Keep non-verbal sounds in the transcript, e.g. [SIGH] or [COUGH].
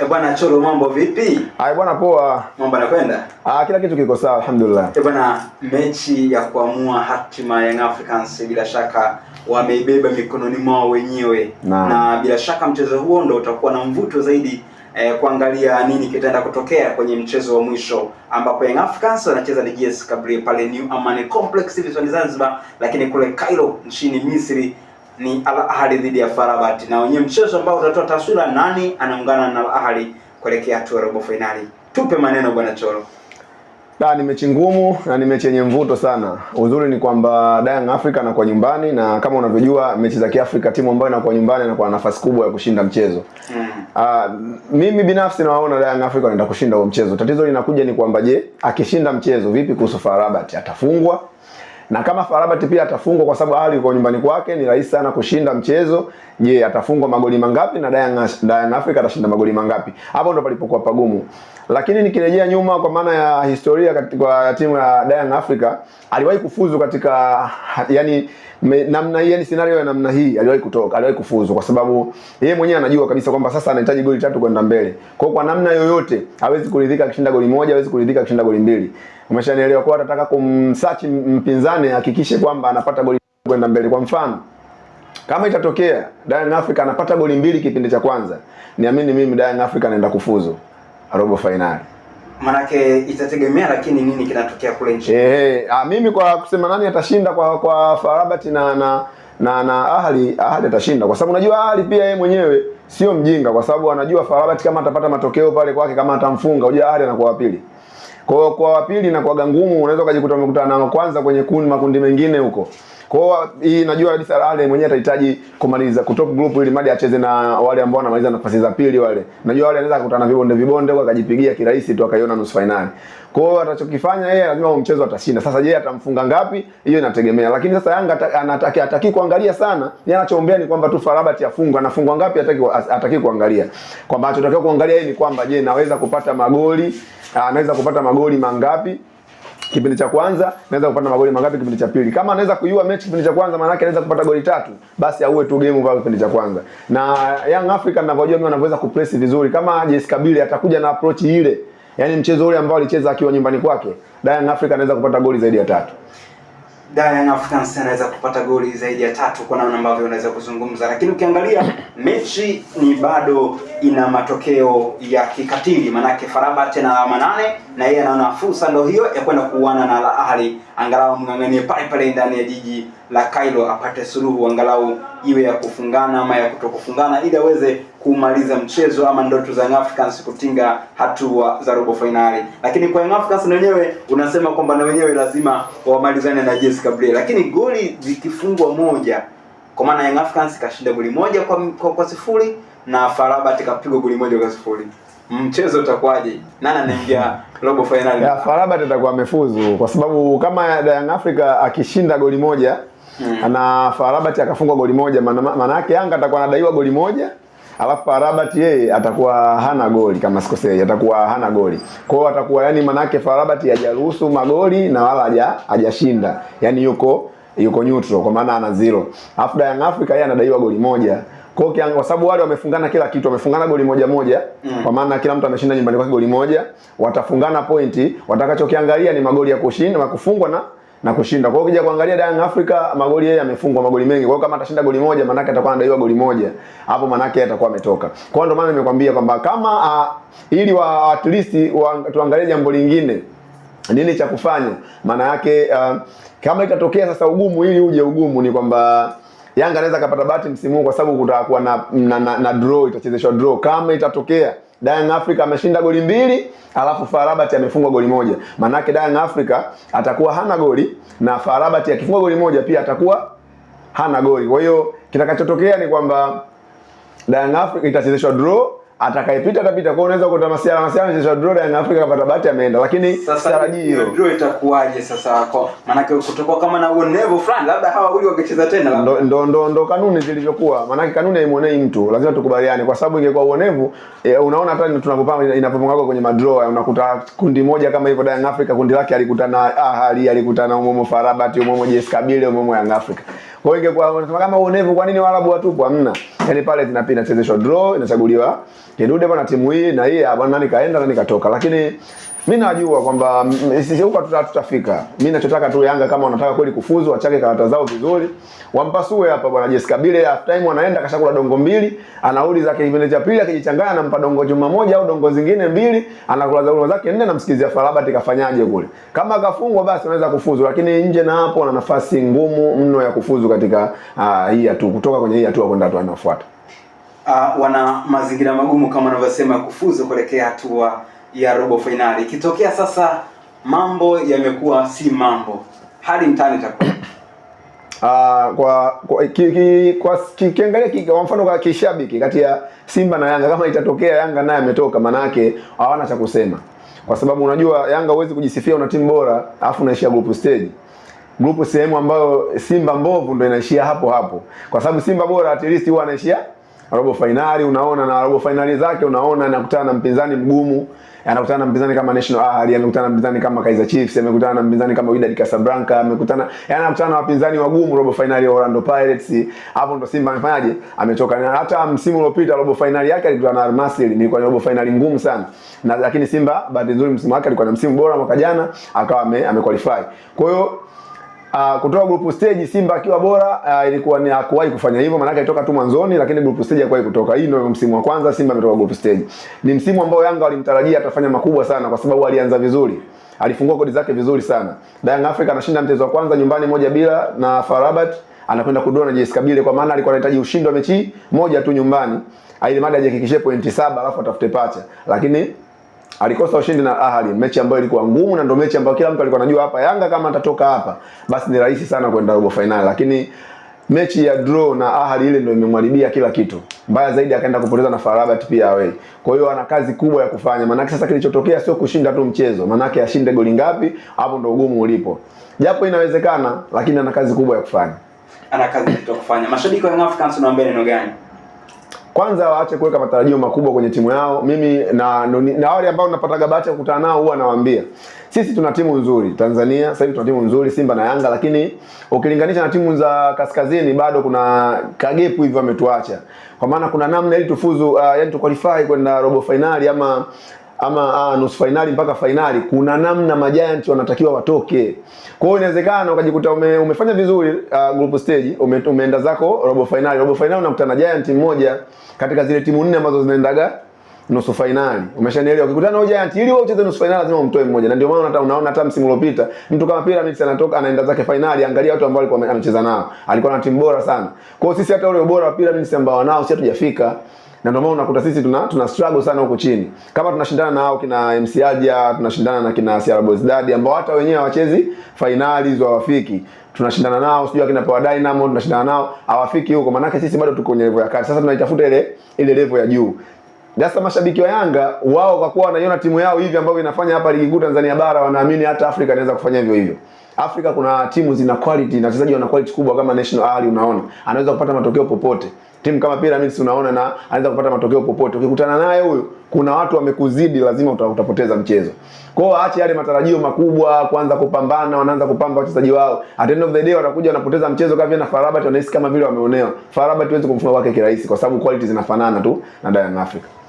Eh, bwana Cholo mambo vipi? Ah, bwana poa. Mambo yanakwenda? Ah, kila kitu kiko sawa alhamdulillah. Eh, bwana mechi ya kuamua hatima ya Africans bila shaka wameibeba mikononi mwao wenyewe na, na bila shaka mchezo huo ndo utakuwa na mvuto zaidi eh, kuangalia nini kitaenda kutokea kwenye mchezo wa mwisho ambapo Young Africans wanacheza na GS Kabylie pale New Amani Complex visiwani Zanzibar, lakini kule Cairo nchini Misri ni Al Ahly dhidi ya FAR Rabat, na wenye mchezo ambao utatoa taswira nani anaungana na Al Ahly kuelekea hatua ya robo finali. Tupe maneno bwana Cholo. Da, ni mechi ngumu na ni mechi yenye mvuto sana. Uzuri ni kwamba Young Africa anakuwa nyumbani na kama unavyojua mechi za Kiafrika timu ambayo inakuwa nyumbani inakuwa na nafasi kubwa ya kushinda mchezo. Mm. Uh, mimi binafsi naona Young Africa wanaenda kushinda huo mchezo. Tatizo linakuja ni kwamba je, akishinda mchezo vipi kuhusu FAR Rabat? Atafungwa? na kama Farabat pia atafungwa kwa sababu Ali yuko nyumbani kwake, ni rahisi sana kushinda mchezo. Je, atafungwa magoli mangapi na Young Africa atashinda magoli mangapi? Hapo ndo palipokuwa pagumu, lakini nikirejea nyuma kwa maana ya historia katika kwa timu ya Young Africa aliwahi kufuzu katika yani me, namna hii yani scenario ya namna hii aliwahi kutoka, aliwahi kufuzu kwa sababu yeye mwenyewe anajua kabisa kwamba sasa anahitaji goli tatu kwenda mbele. Kwa kwa namna yoyote hawezi kuridhika akishinda goli moja, hawezi kuridhika akishinda goli mbili. Umeshanielewa kwa atataka kumsearch mpinzani hakikishe kwamba anapata goli kwenda mbele. Kwa mfano, kama itatokea Young Africa anapata goli mbili kipindi cha kwanza, niamini mimi Young Africa anaenda kufuzu robo finali. Manake itategemea lakini nini kinatokea kule nje. Eh, ah, mimi kwa kusema nani atashinda kwa kwa Farabat na na na na Ahli, Ahli atashinda kwa sababu unajua Ahli pia yeye mwenyewe sio mjinga, kwa sababu anajua Farabat kama atapata matokeo pale kwake, kama atamfunga, unajua Ahli anakuwa wa pili. Kwa kwa wapili na kwa gangumu unaweza ukajikuta umekutana na kwanza kwenye kundi makundi mengine huko. Kwa hii najua Hadi Sarale mwenyewe atahitaji kumaliza kutoka group ili madi acheze na wale ambao wanamaliza nafasi za pili wale. Najua wale anaweza kukutana vibonde vibonde kwa akajipigia kirahisi tu akaiona nusu finali. Kwa hiyo atachokifanya yeye lazima huo mchezo atashinda. Sasa je, atamfunga ngapi? Hiyo inategemea. Lakini sasa Yanga anataki ataki kuangalia sana. Yeye anachoombea ni kwamba tu Farabat afunge, anafungwa ngapi ataki ataki kuangalia. Kwamba anachotakiwa kuangalia yeye ni kwamba je, naweza kupata magoli, anaweza ah, kupata magoli mangapi? kipindi cha kwanza naweza kupata magoli mangapi kipindi cha pili. Kama anaweza kuiua mechi kipindi cha kwanza, maana yake anaweza kupata goli tatu, basi auwe tu game kwa kipindi cha kwanza. Na Young Africa ninavyojua mimi wanaweza kupress vizuri, kama Jesse Kabili atakuja na approach ile, yani mchezo ule ambao alicheza akiwa nyumbani kwake, Young Africa anaweza kupata goli zaidi ya tatu. Young Africans anaweza kupata goli zaidi ya tatu kwa namna ambavyo unaweza kuzungumza, lakini ukiangalia mechi ni bado ina matokeo ya kikatili, maanake faraba tena alama nane na yeye anaona fursa ndio hiyo ya kwenda kuuana na Al Ahly, angalau mng'ang'anie pale pale ndani ya jiji la Kailo apate suluhu angalau iwe ya kufungana ama ya kutokufungana, ili aweze kumaliza mchezo ama ndoto za Young Africans kutinga hatua za robo finali. Lakini kwa Young Africans na wenyewe unasema kwamba na wenyewe lazima wamalizane na Jesse Gabriel. lakini goli zikifungwa moja, kwa maana Young Africans kashinda goli moja kwa, kwa, kwa sifuri na Faraba kapigwa goli moja kwa sifuri mchezo utakuwaje? Nani anaingia robo finali? Ya Faraba atakuwa amefuzu, kwa sababu kama Young Africa akishinda goli moja mm. ana farabati akafungwa goli moja, maana yake Yanga atakuwa anadaiwa goli moja alafu farabati yeye atakuwa hana goli kama sikosei, atakuwa hana goli. Kwa hiyo atakuwa yani, manake farabati hajaruhusu magoli na wala haja hajashinda, yani yuko yuko neutral, kwa maana ana zero. alafu da Young Africa yeye anadaiwa goli moja kwa hiyo kwa sababu wale wamefungana kila kitu, wamefungana goli moja moja mm. kwa maana kila mtu ameshinda nyumbani kwake goli moja, watafungana pointi. Watakachokiangalia ni magoli ya kushinda na kufungwa na na kushinda. Kwa hiyo ukija kuangalia Young Africa magoli yeye amefungwa magoli mengi. Kwa hiyo kama atashinda goli moja maana yake atakuwa anadaiwa goli moja. Hapo maana yake atakuwa ametoka. Kwa hiyo ndio maana nimekwambia kwamba kama a, ah, ili wa at least wa, tuangalie jambo lingine nini cha kufanya. Maana yake uh, ah, kama itatokea sasa ugumu ili uje ugumu ni kwamba Yanga anaweza akapata bahati msimu huu kwa sababu kutakuwa na na, na, na draw itachezeshwa draw kama itatokea Young Africa ameshinda goli mbili, alafu FAR amefungwa goli moja. Manake dayan Africa atakuwa hana goli na FAR akifunga goli moja pia atakuwa hana goli. Kwa hiyo kitakachotokea ni kwamba Young Africa itachezeshwa draw atakayepita atapita. Kwa unaweza kuta masiara masiara anacheza draw na Afrika kapata bahati ameenda, lakini tarajii hiyo draw itakuwaje sasa? Kwa maana yake kutakuwa kama na uonevu fulani, labda hawa wili wakicheza tena, labda ndo ndo ndo kanuni zilivyokuwa. Maana yake kanuni haimuonei mtu, lazima tukubaliane, kwa sababu ingekuwa uonevu e, eh, unaona hata tunapopanga inapopangwa kwenye madraw unakuta kundi moja kama hivyo, Young Africa kundi lake alikutana Ahali, alikutana Umomo Farabati, Umomo Jesse Kabile, Umomo Young Africa kwa hiyo ingekuwa wanasema kama uonevu, kwa nini Waarabu watupu? Hamna. Yaani pale zinapi inachezeshwa draw, inachaguliwa kidude bwana, timu hii na hii bwana, nani kaenda na nikatoka. lakini mi najua kwamba mm, huko tuta, tutafika. Mi nachotaka tu Yanga kama wanataka kweli kufuzu, wachake karata zao vizuri, wampasue hapa bwana Jessica Bile. Half time anaenda kashakula dongo mbili, anauli zake kipindi cha pili, akijichanganya anampa dongo Juma moja au dongo zingine mbili, anakula za zake nne, namsikizia Farabat kafanyaje kule. Kama akafungwa basi anaweza kufuzu, lakini nje na hapo ana nafasi ngumu mno ya kufuzu katika uh, hii hatua, kutoka kwenye hii hatua kwenda hatua inayofuata. Uh, ah, wana mazingira magumu kama wanavyosema kufuzu kuelekea hatua ya robo fainali. Ikitokea sasa mambo yamekuwa si mambo, hali mtaani itakuwa Uh, [COUGHS] kwa kwa ki, ki, ki, kwa mfano kwa kishabiki kati ya Simba na Yanga, kama itatokea Yanga naye ametoka, yake hawana cha kusema, kwa sababu unajua Yanga huwezi kujisifia una timu bora afu unaishia group stage group, sehemu ambayo Simba mbovu ndio inaishia hapo hapo, kwa sababu Simba bora at least huwa anaishia robo fainali unaona, na robo fainali zake unaona, anakutana na mpinzani mgumu, anakutana na mpinzani kama National Ahly, anakutana na mpinzani kama Kaizer Chiefs, amekutana na mpinzani kama Wydad Casablanca, amekutana yani, anakutana na wapinzani wagumu robo fainali ya Orlando Pirates. Hapo ndo Simba amefanyaje, ametoka. Na hata msimu uliopita robo fainali yake alikutana na Al Masry, ilikuwa ni robo fainali ngumu sana na, lakini Simba bahati nzuri msimu wake alikuwa na msimu bora mwaka jana, akawa amequalify kwa hiyo Uh, kutoka group stage Simba akiwa bora uh, ilikuwa ni hakuwahi kufanya hivyo, maanake alitoka tu mwanzoni, lakini group stage hakuwahi kutoka. Hii ndio msimu wa kwanza Simba ametoka group stage. Ni msimu ambao Yanga walimtarajia atafanya makubwa sana, kwa sababu alianza vizuri, alifungua kodi zake vizuri sana. Yanga Africa anashinda mchezo wa kwanza nyumbani moja bila na FAR Rabat, anakwenda kudua na JS Kabile, kwa maana alikuwa anahitaji ushindi wa mechi moja tu nyumbani, ili mada ajihakikishie pointi saba, alafu atafute pacha, lakini alikosa ushindi na Ahali, mechi ambayo ilikuwa ngumu na ndio mechi ambayo kila mtu alikuwa anajua hapa Yanga kama atatoka hapa basi ni rahisi sana kwenda robo fainali, lakini mechi ya draw na Ahali ile ndio imemharibia kila kitu. Mbaya zaidi akaenda kupoteza na Farabat pia away. Kwa hiyo ana kazi kubwa ya kufanya, Maana sasa kilichotokea sio kushinda tu mchezo, maana yake ashinde goli ngapi, hapo ndio ugumu ulipo. Japo inawezekana, lakini ana kazi kubwa ya kufanya, ana kazi ya kufanya. Mashabiki wa Young Africans, unawaambia neno gani? kwanza waache kuweka matarajio makubwa kwenye timu yao. Mimi na, na wale ambao napataga bahati ya kukutana nao huwa nawaambia sisi tuna timu nzuri Tanzania. Sasa hivi tuna timu nzuri Simba na Yanga, lakini ukilinganisha na timu za kaskazini bado kuna kagepu hivyo ametuacha, kwa maana kuna namna ili tufuzu, uh, yani tuqualify kwenda robo finali ama ama ah, nusu fainali mpaka fainali, kuna namna majiant wanatakiwa watoke. Kwa hiyo inawezekana ukajikuta ume, umefanya vizuri uh, group stage ume, umeenda zako robo fainali. Robo fainali unakutana na giant mmoja katika zile timu nne ambazo zinaendaga nusu fainali. Umeshanielewa? Ukikutana na Giant ili wewe ucheze nusu fainali lazima umtoe mmoja. Na ndio maana hata unaona hata msimu uliopita mtu kama Pyramids anatoka anaenda zake fainali, angalia watu ambao alikuwa anacheza nao. Alikuwa na timu bora sana. Kwa hiyo sisi hata ule ubora wa Pyramids ambao wanao sisi hatujafika. Na ndio maana unakuta sisi tuna tuna struggle sana huko chini. Kama tunashindana na nao kina MC Aja, tunashindana na kina CR Belouizdad ambao hata wenyewe hawachezi fainali hizo hawafiki tunashindana nao, sijui akina Power Dynamo tunashindana nao, hawafiki huko. Maana sisi bado tuko kwenye level ya kati. Sasa tunaitafuta ile ile level ya juu. Sasa mashabiki wa Yanga wao kwa kuwa wanaiona timu yao hivi ambayo inafanya hapa ligi kuu Tanzania bara, wanaamini hata Afrika inaweza kufanya hivyo hivyo. Afrika kuna timu zina quality na wachezaji wana quality kubwa, kama National Ali, unaona anaweza kupata matokeo popote. Timu kama Pyramids unaona na anaweza kupata matokeo popote. Ukikutana naye huyo, kuna watu wamekuzidi, lazima utapoteza mchezo. Kwa hiyo aache yale matarajio makubwa, kwanza kupambana, wanaanza kupamba wachezaji wao. At end of the day watakuja wanapoteza mchezo kama vile na Farabat, wanahisi kama vile wameonewa. Farabat huwezi kumfunga kwake kirahisi, kwa sababu quality zinafanana tu na Diamond Africa.